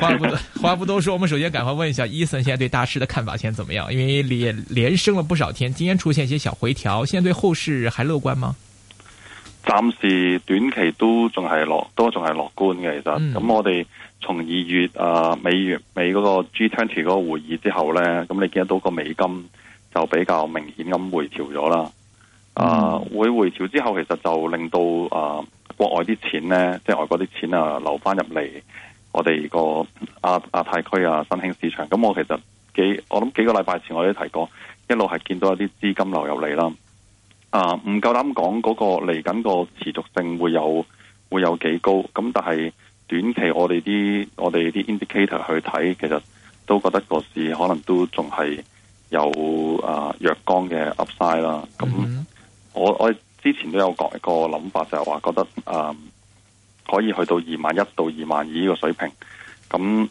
話不話不多說，我們首先趕快問一下，Ethan 現在對大市的看法先怎麼樣？因為連連升了不少天，今天出現一些小回調，現在對後市還樂觀嗎？暫時短期都仲係樂，都仲係樂觀嘅。其實咁、嗯、我哋從二月啊、呃，美元美個 G20 嗰個會議之後呢，咁你見到個美金就比較明顯咁回調咗啦。嗯、啊，會回，回調之後，其實就令到啊、呃，國外啲錢呢即係外國啲錢啊，流翻入嚟。我哋個亞亞太區啊，新興市場咁，我其實幾，我諗幾個禮拜前我都提過，一路係見到一啲資金流入嚟啦。啊，唔夠膽講嗰個嚟緊個持續性會有會有幾高，咁但係短期我哋啲我哋啲 indicator 去睇，其實都覺得個市可能都仲係有啊弱光嘅 Upside 啦。咁、嗯、哼我我之前都有講個諗法，就係話覺得啊。可以去到二萬一到二萬二呢個水平，咁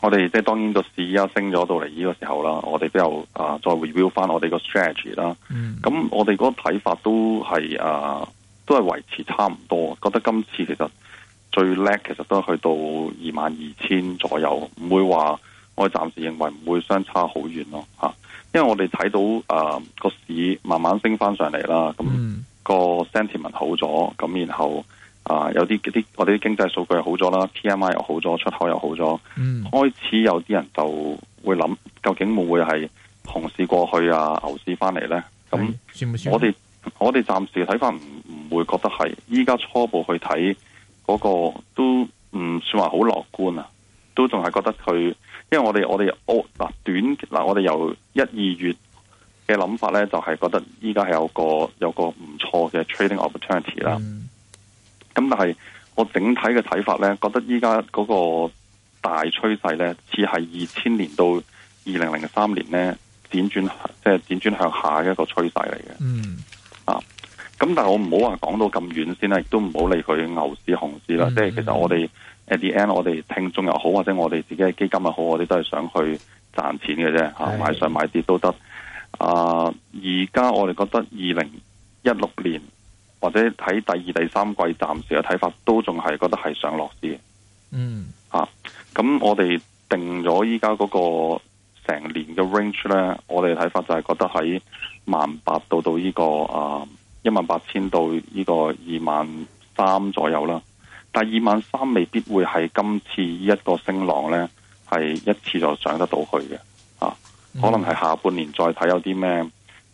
我哋即係當然個市一升咗到嚟呢個時候啦，我哋比較啊、呃、再 review 翻我哋 st 個 strategy 啦。咁我哋嗰個睇法都係啊、呃，都係維持差唔多。覺得今次其實最叻其實都係去到二萬二千左右，唔會話我暫時認為唔會相差好遠咯嚇，因為我哋睇到啊個、呃、市慢慢升翻上嚟啦，咁個 sentiment 好咗，咁然後。啊，有啲啲我哋啲經濟數據又好咗啦，PMI 又好咗，出口又好咗，嗯、開始有啲人就會諗，究竟會唔會係熊市過去啊，牛市翻嚟呢？咁、嗯、我哋我哋暫時睇法唔會會覺得係，依家初步去睇嗰個都唔算話好樂觀啊，都仲係覺得佢，因為我哋我哋嗱短嗱我哋由一二月嘅諗法呢，就係、是、覺得依家係有個有個唔錯嘅 trading opportunity 啦。嗯。咁但係我整體嘅睇法呢，覺得依家嗰個大趨勢呢，似係二千年到二零零三年呢，輾轉，轉即係輾轉，轉向下一個趨勢嚟嘅。嗯。啊，咁但係我唔好話講到咁遠先啦，亦都唔好理佢牛市熊市啦。嗯、即係其實我哋 at the end 我哋聽眾又好，或者我哋自己嘅基金又好，我哋都係想去賺錢嘅啫。吓是、啊，買上買跌都得。啊，而家我哋覺得二零一六年。或者睇第二、第三季暫時嘅睇法都仲係覺得係上落市，嗯啊，咁我哋定咗依家嗰個成年嘅 range 咧，我哋睇法就係覺得喺萬八到、這個啊、18，到呢個啊一萬八千到呢個二萬三左右啦。但二萬三未必會係今次呢一個升浪咧，係一次就上得到去嘅、啊嗯、可能係下半年再睇有啲咩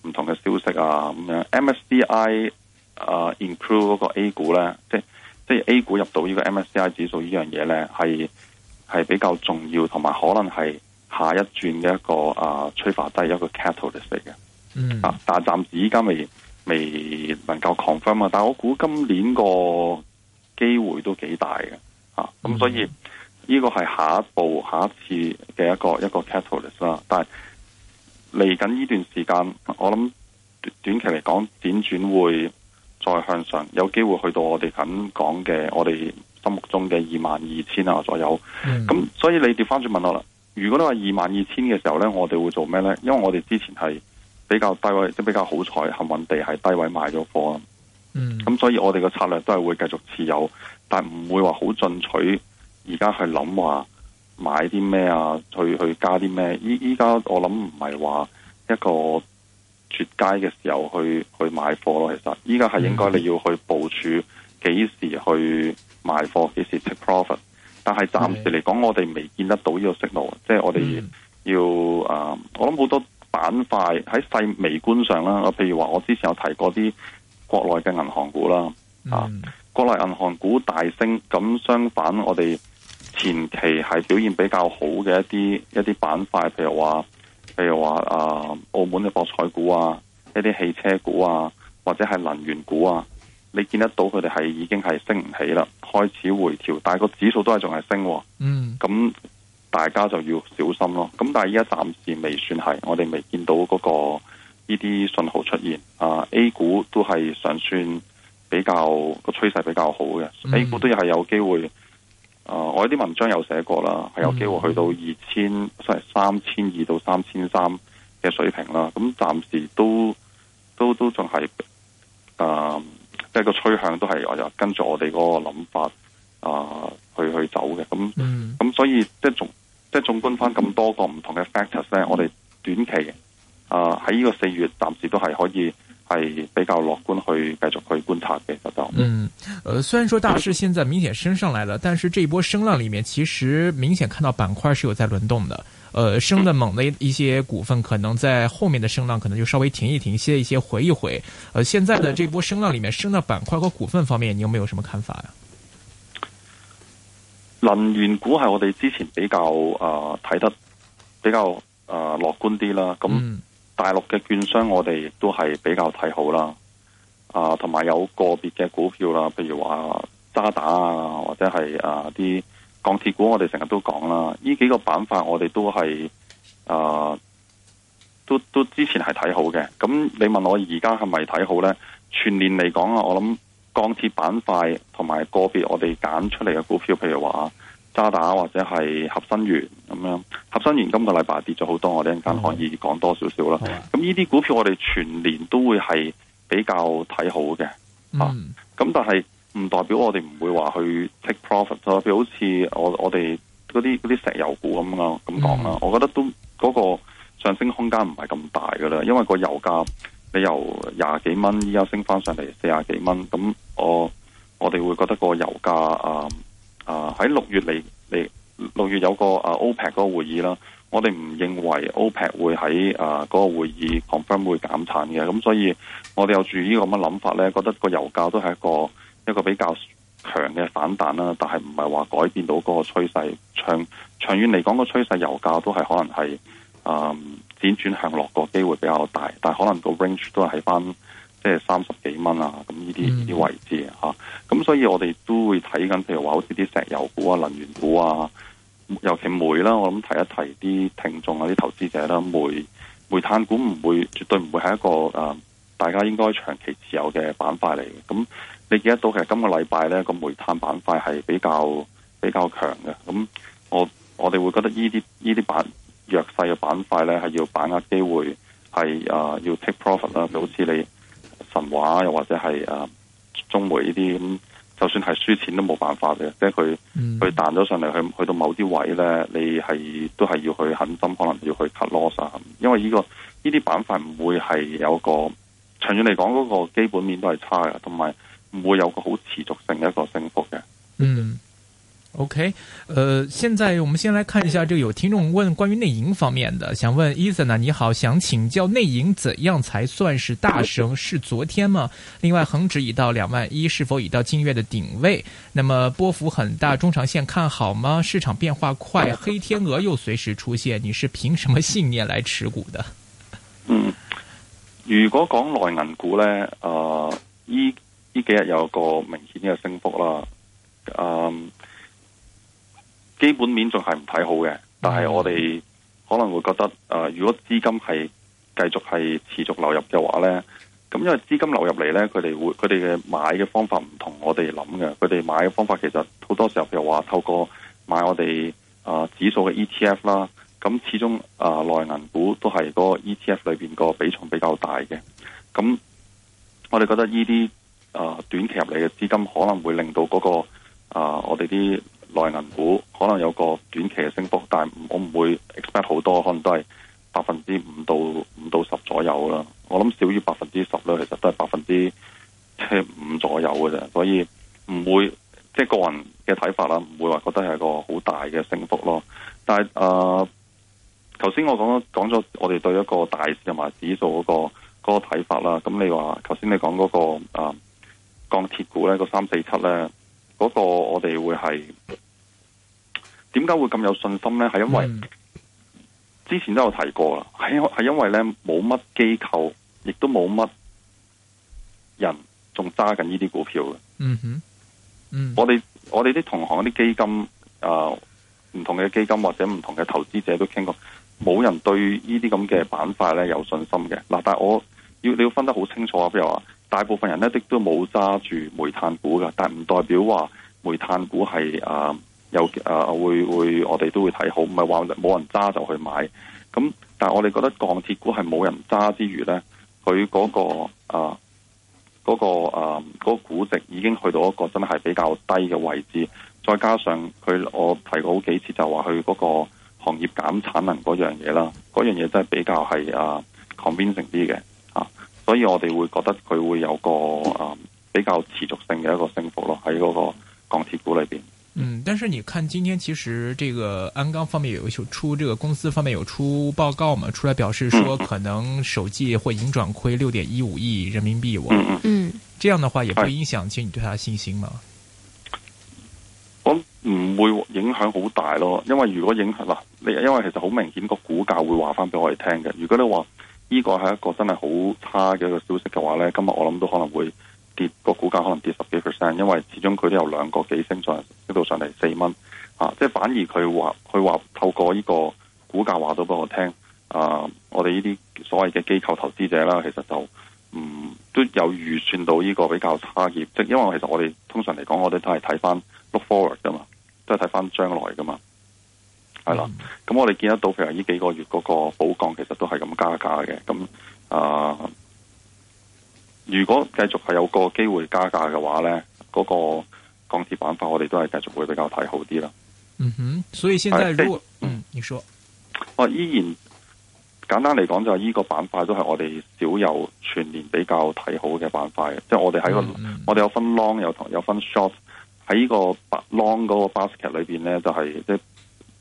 唔同嘅消息啊咁樣。MSCI 誒，include 嗰個 A 股咧，即係即係 A 股入到呢個 MSCI 指數呢樣嘢咧，係係比較重要，同埋可能係下一轉嘅一個誒、啊、催化劑，一個 catalyst 嚟嘅。嗯、啊、但係暫時依家未未能夠 confirm 啊！但我估今年個機會都幾大嘅咁、啊嗯啊、所以呢、呢個係下一步、下一次嘅一個一個 catalyst 啦。但係嚟緊呢段時間，我諗短期嚟講，輾轉會再向上，有機會去到我哋咁講嘅，我哋心目中嘅二萬二千啊左右。咁、嗯、所以你調翻轉問我啦，如果都話二萬二千嘅時候呢，我哋會做咩呢？因為我哋之前係比較低位，即係比較好彩，幸運地係低位買咗貨啦嗯，咁所以我哋嘅策略都係會繼續持有，但唔會話好進取。而家去諗話買啲咩啊？去去加啲咩？依依家我諗唔係話一個。絕佳嘅時候去去買貨咯，其實依家係應該你要去部署幾時去買貨，幾時 take profit，但係暫時嚟講，我哋未見得到呢個息路，即係我哋要啊，我諗好多板塊喺細微觀上啦，我譬如話我之前有提過啲國內嘅銀行股啦，嗯、啊，國內銀行股大升，咁相反，我哋前期係表現比較好嘅一啲一啲板塊，譬如話。譬如話啊，澳門嘅博彩股啊，一啲汽車股啊，或者係能源股啊，你見得到佢哋係已經係升唔起啦，開始回調，但係個指數都係仲係升喎，嗯，咁大家就要小心咯。咁但係依家暫時未算係，我哋未見到嗰個呢啲信號出現。啊，A 股都係尚算比較個趨勢比較好嘅，嗯，A 股都係有機會。啊！Uh, 我啲文章有寫過啦，係、嗯、有機會去到二千、uh, uh, 嗯，即係三千二到三千三嘅水平啦。咁暫、uh, 時都都都仲係啊，即係個趨向都係我又跟住我哋個諗法啊，去去走嘅。咁咁所以即係綜即係縱觀翻咁多個唔同嘅 factors 咧，我哋短期啊喺呢個四月暫時都係可以。係比較樂觀去繼續去觀察嘅，其實就是、嗯，呃，雖然說大市現在明顯升上來了，但是這一波升浪裏面，其實明顯看到板塊是有在輪動的。呃，升得猛的一些股份，可能在後面的升浪可能就稍微停一停，歇一歇，回一回。呃，現在的這一波升浪裡面升到板塊和股份方面，你有沒有什麼看法呀、啊？能源股係我哋之前比較啊睇、呃、得比較啊樂、呃、觀啲啦，咁、嗯。嗯大陸嘅券商我哋都係比較睇好啦，啊，同埋有個別嘅股票啦，譬如話渣打啊，或者係啊啲鋼鐵股我們都說，我哋成日都講啦，呢幾個板塊我哋都係啊，都都之前係睇好嘅。咁你問我而家係咪睇好呢？全年嚟講啊，我諗鋼鐵板塊同埋個別我哋揀出嚟嘅股票，譬如話，渣打或者係合生元咁樣，合生元今個禮拜跌咗好多，我哋陣間可以講多少少啦。咁呢啲股票我哋全年都會係比較睇好嘅，嗯、啊，咁但係唔代表我哋唔會話去 take profit 咯，譬如好似我我哋嗰啲啲石油股咁樣咁講啦，嗯、我覺得都嗰、嗰個上升空間唔係咁大噶啦，因為個油價你由廿幾蚊依家升翻上嚟四廿幾蚊，咁我我哋會覺得個油價啊。嗯喺六月嚟嚟，六月有個啊 OPEC 個會議啦。我哋唔認為 OPEC 會喺啊嗰個會議 confirm 會減產嘅。咁所以，我哋有住呢個咁嘅諗法咧，覺得個油價都係一個一個比較強嘅反彈啦。但係唔係話改變到個趨勢。長長遠嚟講，個趨勢油價都係可能係啊、嗯、輾轉向落個機會比較大。但係可能個 range 都係喺翻。即係三十幾蚊、嗯、啊！咁呢啲呢啲位置嚇，咁所以我哋都會睇緊，譬如話好似啲石油股啊、能源股啊，尤其煤啦。我諗提一提啲聽眾啊、啲投資者啦，煤煤炭股唔會絕對唔會係一個、啊、大家應該長期持有嘅板塊嚟嘅。咁你記得到其實今個禮拜咧個煤炭板塊係比較比較強嘅。咁我我哋會覺得呢啲呢啲板弱勢嘅板塊咧係要把握機會係、啊、要 take profit 啦、嗯，就好似你。神話又或者係啊，中媒呢啲咁，就算係輸錢都冇辦法嘅，即係佢佢彈咗上嚟，去去到某啲位咧，你係都係要去狠心，可能要去 cut loss，因為呢個呢啲板塊唔會係有個長遠嚟講嗰個基本面都係差嘅，同埋唔會有個好持續性嘅一個升幅嘅。嗯。OK，呃，現在我們先來看一下，這個有聽眾問關於內銀方面的，想問 Ethan 呢，你好，想請教內銀怎樣才算是大升？是昨天嗎？另外，恒指已到兩萬一，是否已到近月的頂位？那麼波幅很大，中長線看好嗎？市場變化快，黑天鵝又隨時出現，你是憑什麼信念來持股的？嗯，如果講內銀股呢，啊、呃，依依幾日有一個明顯的升幅啦，嗯、呃。基本面仲係唔睇好嘅，但係我哋可能會覺得，誒，如果資金係繼續係持續流入嘅話咧，咁因為資金流入嚟咧，佢哋會佢哋嘅買嘅方法唔同我哋諗嘅，佢哋買嘅方法其實好多時候譬如話透過買我哋啊指數嘅 ETF 啦，咁始終啊內銀股都係個 ETF 裏邊個比重比較大嘅，咁我哋覺得呢啲誒短期入嚟嘅資金可能會令到嗰個啊我哋啲。內銀股可能有個短期嘅升幅，但係我唔會 expect 好多，可能都係百分之五到五到十左右啦。我諗少於百分之十咧，其實都係百分之五左右嘅啫。所以唔會即個人嘅睇法啦，唔會話覺得係個好大嘅升幅咯。但係誒，頭先我講講咗我哋對一個大市同埋指數嗰個嗰個睇法啦。咁你話頭先你講嗰個誒鋼鐵股咧，個三四七咧，嗰個我哋會係。點解會咁有信心呢？係因為、嗯、之前都有提過啦，係係因為呢冇乜機構，亦都冇乜人仲揸緊呢啲股票嘅。嗯哼，嗯，我哋我哋啲同行、啲基金啊，呃、唔同嘅基金或者唔同嘅投資者都傾過，冇人對呢啲咁嘅板塊呢有信心嘅。嗱，但我要你要分得好清楚啊，譬如話，大部分人呢，亦都冇揸住煤炭股嘅，但唔代表話煤炭股係啊。呃有誒、啊，會會，我哋都會睇好，唔係話冇人揸就去買咁。但係我哋覺得鋼鐵股係冇人揸之餘咧，佢嗰個啊嗰個啊嗰個估值已經去到一個真係比較低嘅位置，再加上佢我提過好幾次，就話佢嗰個行業減產能嗰樣嘢啦，嗰樣嘢真係比較係啊 convincing 啲嘅、啊、所以我哋會覺得佢會有個啊比較持續性嘅一個升幅咯，喺嗰個鋼鐵股裏面。嗯，但是你看，今天其實這個鞍鋼方面有出，這個公司方面有出報告嘛，出來表示說可能首季會盈轉虧六點一五億人民幣。我嗯嗯，這樣的話也不影響，其實你對它嘅信心嘛？我唔會影響好大咯，因為如果影響嗱，你因為其實好明顯個股價會話翻俾我哋聽嘅。如果你話呢個係一個真係好差嘅一個消息嘅話咧，今日我諗都可能會跌個股價，可能跌十幾 percent，因為始終佢都有兩個幾升左右。升到上嚟四蚊，啊！即係反而佢話佢話透過呢個股價話到俾我聽，啊！我哋呢啲所謂嘅機構投資者啦，其實就嗯都有預算到呢個比較差業績，即因為我其實我哋通常嚟講，我哋都係睇翻 look forward 㗎嘛，都係睇翻將來㗎嘛，係啦。咁、嗯、我哋見得到，譬如呢幾個月嗰個保降，其實都係咁加價嘅。咁啊，如果繼續係有個機會加價嘅話咧，嗰、嗰個。鋼鐵板塊我哋都係繼續會比較睇好啲啦。嗯哼，所以現在如果嗯你說，我依然簡單嚟講就係呢個板塊都係我哋少有全年比較睇好嘅板塊，即係我哋喺個嗯嗯我哋有分 long 有同有分 short 喺呢個 long 嗰個 basket 裏邊咧，就係即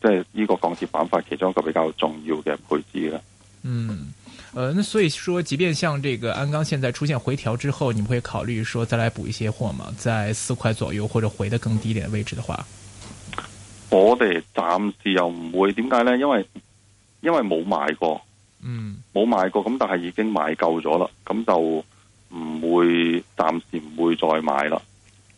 即係呢個鋼鐵板塊其中一個比較重要嘅配置啦。嗯。呃，那所以說，即便像這個鞍鋼現在出現回調之後，你們會考慮說再來補一些貨嗎？在四塊左右或者回得更低一點位置的話，我哋暫時又唔會，點解呢？因為因為冇買過，嗯，冇買過，咁但係已經買夠咗啦，咁就唔會暫時唔會再買啦。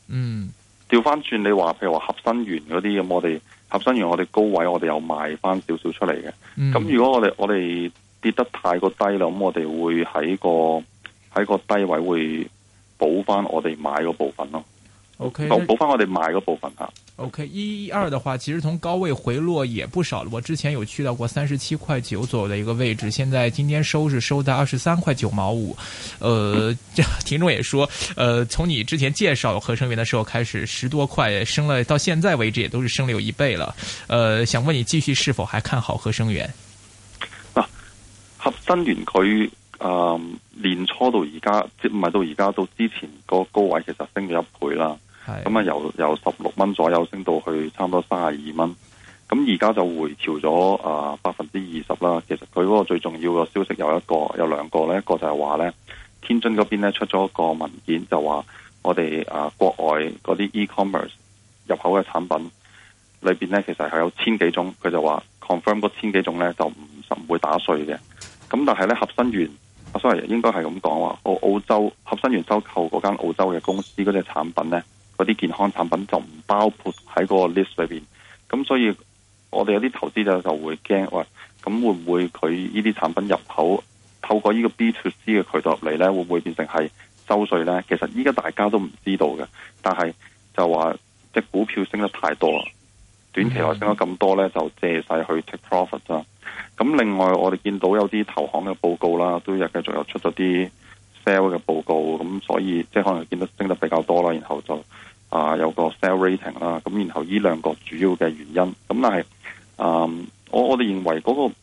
嗯，調翻轉你話，譬如話合生元嗰啲咁，我哋合生元我哋高位我哋又賣翻少少出嚟嘅，咁、嗯、如果我哋我哋。跌得太過低啦，咁我哋會喺個喺個低位會補翻我哋買個部分咯。O K，補翻我哋買個部分吓。O K，一、二的話，其實從高位回落也不少。我之前有去到過三十七塊九左右的一個位置，現在今天收是收到二十三塊九毛五。呃，聽眾也說，呃，從你之前介紹合生元的時候開始，十多塊升了，到現在為止也都是升了有一倍了。呃，想問你繼續是否還看好合生元？合生元佢誒年初到而家，即係到而家到之前個高位，其實升咗一倍啦。咁啊的、嗯，由由十六蚊左右升到去差唔多卅二蚊。咁而家就回調咗誒百分之二十啦。其實佢嗰個最重要嘅消息有一個有兩個咧，一個就係話咧，天津嗰邊咧出咗一個文件就說，就話我哋啊國外嗰啲 e-commerce 入口嘅產品裏邊咧，其實係有千幾種，佢就話 confirm 嗰千幾種咧就唔唔會打碎嘅。咁但係咧合生元，sorry，應該係咁講話，澳澳洲合生元收購嗰間澳洲嘅公司嗰隻產品咧，嗰啲健康產品就唔包括喺個 list 裏面。咁所以，我哋有啲投資者就會驚喂，咁會唔會佢呢啲產品入口透過呢個 B2C 嘅渠道入嚟咧，會唔會變成係收稅咧？其實依家大家都唔知道嘅，但係就話即、就是、股票升得太多。短期內升咗咁多咧，就借勢去 take profit 啦。咁另外，我哋見到有啲投行嘅報告啦，都有繼續又出咗啲 sell 嘅報告，咁所以即係可能見得升得比較多啦。然後就啊、呃、有個 sell rating 啦。咁然後呢兩個主要嘅原因，咁但係嗯、呃，我我哋認為嗰個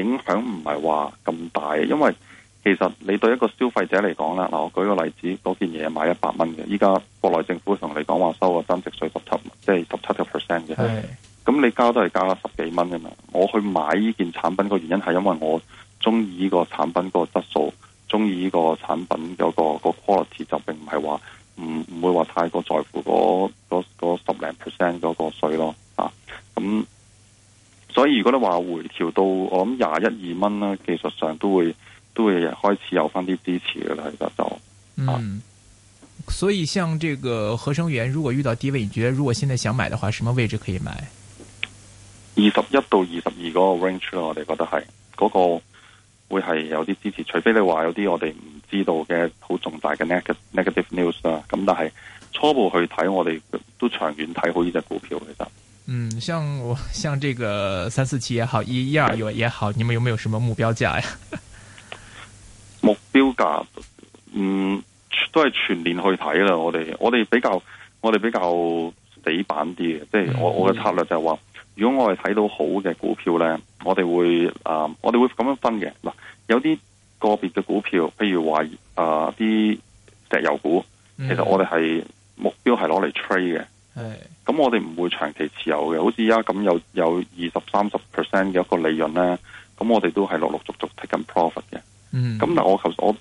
影響唔係話咁大，因為。其實你對一個消費者嚟講咧，嗱，我舉個例子，嗰件嘢買一百蚊嘅，依家國內政府同你講話收個增值稅十七，即係十七個 percent 嘅。咁的你交都係交咗十幾蚊嘅嘛。我去買呢件產品個原因係因為我中意依個產品個質素，中意依個產品有個個 quality 就並唔係話唔唔會話太過在乎嗰十零 percent 嗰個稅咯。啊，咁所以如果你話回調到我諗廿一二蚊啦，技術上都會。都會開始有翻啲支持噶啦，其實就，嗯，啊、所以像這個合生元，如果遇到低位，你覺得如果現在想買的話，什麼位置可以買？二十一到二十二嗰個 range 咯，我哋覺得係嗰、那個會係有啲支持，除非你話有啲我哋唔知道嘅好重大嘅 negative negative news 啦。咁但係初步去睇，我哋都長遠睇好呢隻股票嘅。其實，嗯，像我像這個三四七也好，一一二有也好，對你們有沒有什麼目標價呀？嗯，都係全年去睇啦。我哋，我哋比較，我哋比較死板啲嘅，即係、mm hmm. 我我嘅策略就係話，如果我哋睇到好嘅股票咧，我哋會啊、呃，我哋會咁樣分嘅。嗱，有啲個別嘅股票，譬如話啊啲石油股，mm hmm. 其實我哋係目標係攞嚟 trade 嘅。係、mm，咁、hmm. 我哋唔會長期持有嘅。好似而家咁有有二十三十 percent 嘅一個利潤咧，咁我哋都係陸陸續續 take 咁 profit 嘅。嗯、mm，咁、hmm. 嗱，我其實我。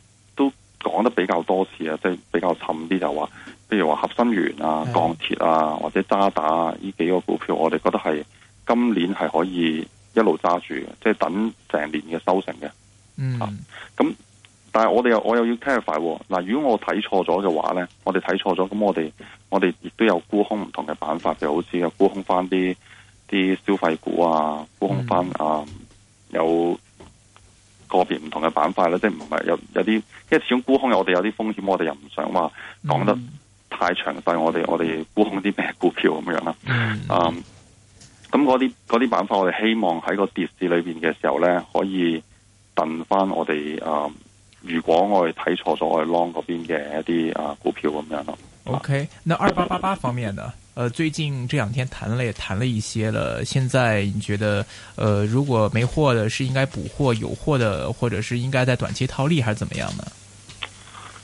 講得比較多次啊，即係比較沉啲就話，譬如話合生元啊、鋼鐵啊或者渣打啊呢幾個股票，我哋覺得係今年係可以一路揸住嘅，即係等成年嘅收成嘅。嗯、咁、啊、但係我哋又我又要 clarify 嗱，如果我睇錯咗嘅話咧，我哋睇錯咗，咁我哋我哋亦都有沽空唔同嘅辦法，就好似嘅沽空翻啲啲消費股啊，沽空翻、嗯、啊有。個別唔同嘅板塊咧，即係唔係有有啲，因為始終沽空有我哋有啲風險，我哋又唔想話講得太詳細，我哋我哋沽空啲咩股票咁樣啦。嗯，咁嗰啲啲板塊，嗰嗰塊我哋希望喺個跌市裏邊嘅時候咧，可以燉翻我哋啊、嗯，如果我哋睇錯咗我 long 嗰邊嘅一啲啊股票咁樣咯。OK，那二八八八方面呢？ 呃，最近這兩天談了，也談了一些了。現在你覺得，呃，如果沒貨的，是應該補貨；有貨的，或者是應該在短期套利，還是怎麼樣呢？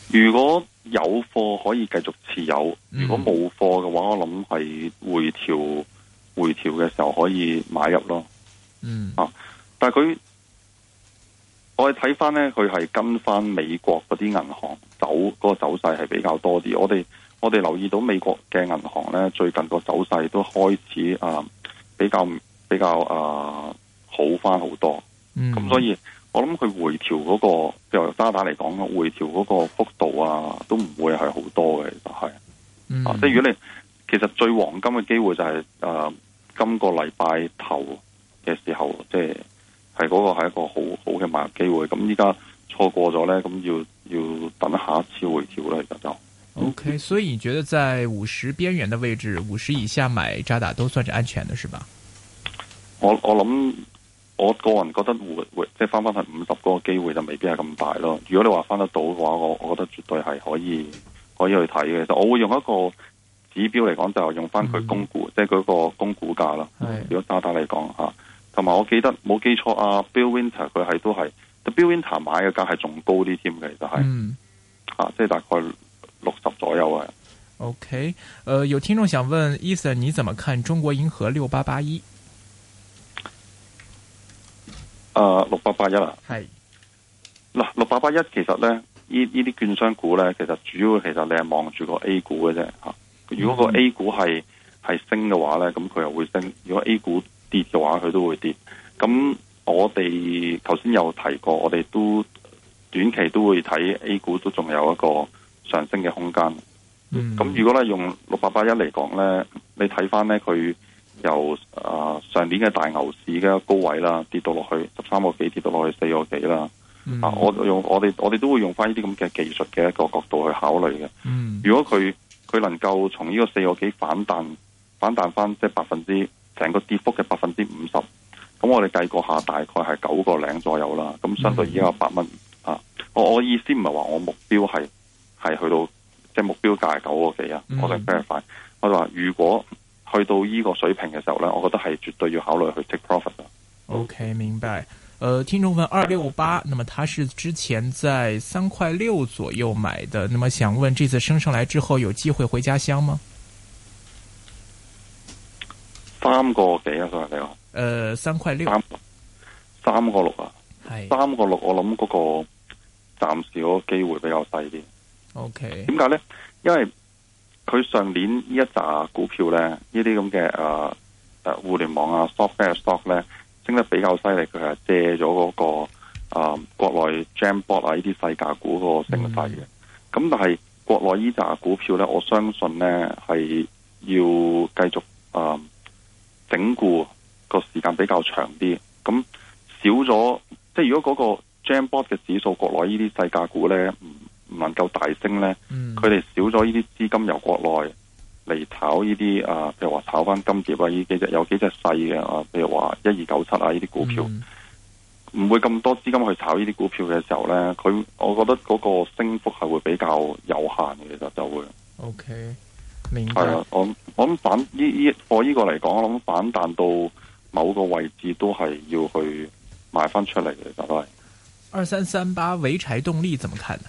如果有貨可以繼續持有，如果冇貨嘅話，嗯、我諗係回調回調嘅時候可以買入咯。嗯啊，但係佢我哋睇翻呢，佢係跟翻美國嗰啲銀行走嗰、嗰個走勢係比較多啲，我哋。我哋留意到美國嘅銀行咧，最近個走勢都開始啊、呃，比較比較啊、呃、好翻好多。咁、嗯、所以我諗佢回調嗰、嗰個，譬如由渣打嚟講回調嗰個幅度啊，都唔會係好多嘅，其實係、嗯啊。即係如果你其實最黃金嘅機會就係、是、誒、呃、今個禮拜頭嘅時候，即係係嗰個係一個很很好好嘅買入機會。咁依家錯過咗咧，咁要要等下一次回調咧，其實就。O、okay, K，所以你覺得在五十邊緣的位置，五十以下買渣打都算是安全的，是吧？我我諗，我個人覺得回，回回即係翻翻去五十個機會就未必係咁大咯。如果你話翻得到嘅話，我我覺得絕對係可以可以去睇嘅。我會用一個指標嚟講，就用翻佢供股，嗯、即係佢個供股價啦。如果渣打嚟講吓，同埋是、啊、我記得冇記錯啊，Bill Winter 佢係都係 The Bill Winter 買嘅價係仲高啲添嘅，就係，嗯、啊，即係大概。六十左右啊。OK，誒、呃，有聽眾想問，Eason，你怎麼看中國銀河六八八一？誒，六八八一啊，係嗱是，六八八一其實咧，呢呢啲券商股咧，其實主要其實你係望住個 A 股嘅啫吓。如果個 A 股係係、嗯、升嘅話咧，咁佢又會升；如果 A 股跌嘅話，佢都會跌。咁我哋頭先有提過，我哋都短期都會睇 A 股，都仲有一個。上升嘅空間。咁、嗯、如果咧用六八八一嚟講咧，你睇翻咧佢由啊上年嘅大牛市嘅高位啦，跌到落去十三個幾，跌到落去四個幾啦。嗯、啊，我用我哋我哋都會用翻呢啲咁嘅技術嘅一個角度去考慮嘅。如果佢佢能夠從呢個四個幾反彈反彈翻即係百分之成個跌幅嘅百分之五十，咁我哋計過下大概係九個零左右啦。咁相對而家八蚊啊，我我意思唔係話我目標係。係去到即係目標價九個幾啊，嗯、我哋我哋話如果去到呢個水平嘅時候咧，我覺得係絕對要考慮去 take profit 啦。OK，明白。誒、呃，聽眾問二六八，那麼他是之前在三塊六左右買的，那麼想問，這次升上來之後有機會回家鄉嗎？三個幾啊？你呃、三個幾啊？誒，三塊六，三個六啊？係 Hey. 三個六，我諗嗰個暫時嗰個機會比較細啲。OK，點解咧？因為佢上年呢一扎股票咧，呢啲咁嘅誒誒，互聯網啊 software stock 咧升得比較犀利，佢係借咗嗰、那個啊、呃，國內 Jamboard 啊呢啲細價股嗰個升勢嘅。咁、嗯、但係國內呢扎股票咧，我相信咧係要繼續啊、呃、整固個時間比較長啲。咁少咗，即係如果嗰個 Jamboard 嘅指數，國內呢啲細價股咧，唔能夠大升咧，佢哋、嗯、少咗呢啲資金由國內嚟炒呢啲啊，譬如話炒翻金蝶啊，呢幾隻有幾隻細嘅啊，譬如話一二九七啊，呢啲股票唔、嗯、會咁多資金去炒呢啲股票嘅時候咧，佢我覺得嗰個升幅係會比較有限嘅，其實就會。O、okay, K，明白。係啊，我我諗反呢呢我呢個嚟講，我諗反彈到某個位置都係要去買翻出嚟嘅，就係。二三三八濰柴動力，怎麼看呢？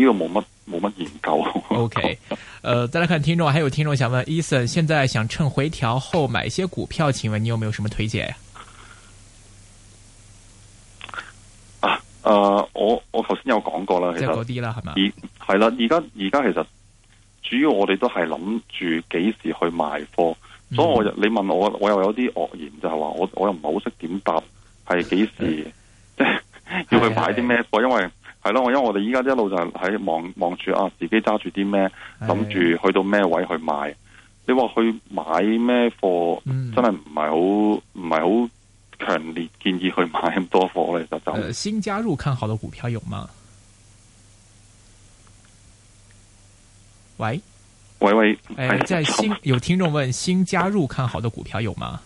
呢個冇乜冇乜研究。OK，誒、呃，再來看聽眾，還有聽眾想問 ，Ethan，現在想趁回調後買一些股票，請問你有沒有什麼推薦啊？呃、我我頭先有講過啦，其實嗰啲啦係嘛？而係啦，而家而家其實主要我哋都係諗住幾時去賣貨，嗯、哼所以我你問我，我又有啲愕然，就係、是、話我我又唔係好識點答，係幾時即係要去買啲咩貨，哎哎因為。係咯，我因為我哋依家，一路就喺望望住啊，自己揸住啲咩，諗住去到咩位去買。哎、你話去買咩貨，嗯、真係唔係好唔係好強烈建議去買咁多貨咧，就就、呃。新加入看好的股票有嗎？喂喂喂，誒，哎哎、在新 有聽眾問新加入看好的股票有嗎？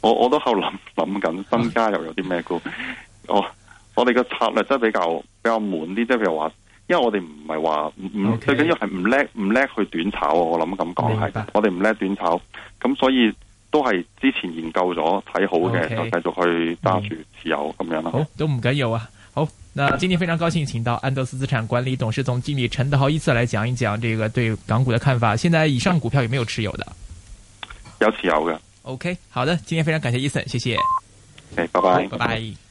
我我都後諗諗緊新加入有啲咩股，我、哎。哦我哋嘅策略真係比較比較悶啲，即係譬如話，因為我哋唔係話唔唔最緊要係唔叻唔叻去短炒，我諗咁講係，白我哋唔叻短炒，咁所以都係之前研究咗睇好嘅，Okay. 就繼續去揸住持有咁 Okay.、嗯、樣啦、啊。好，都唔緊要啊。好，那今天非常高興請到安德斯資產管理董事總經理陳德豪 Ethan 來講一講這個對港股的看法。現在以上股票有沒有持有的？有持有嘅。OK，好的，今天非常感謝 Ethan，謝謝。誒、okay. Bye，拜拜，拜拜。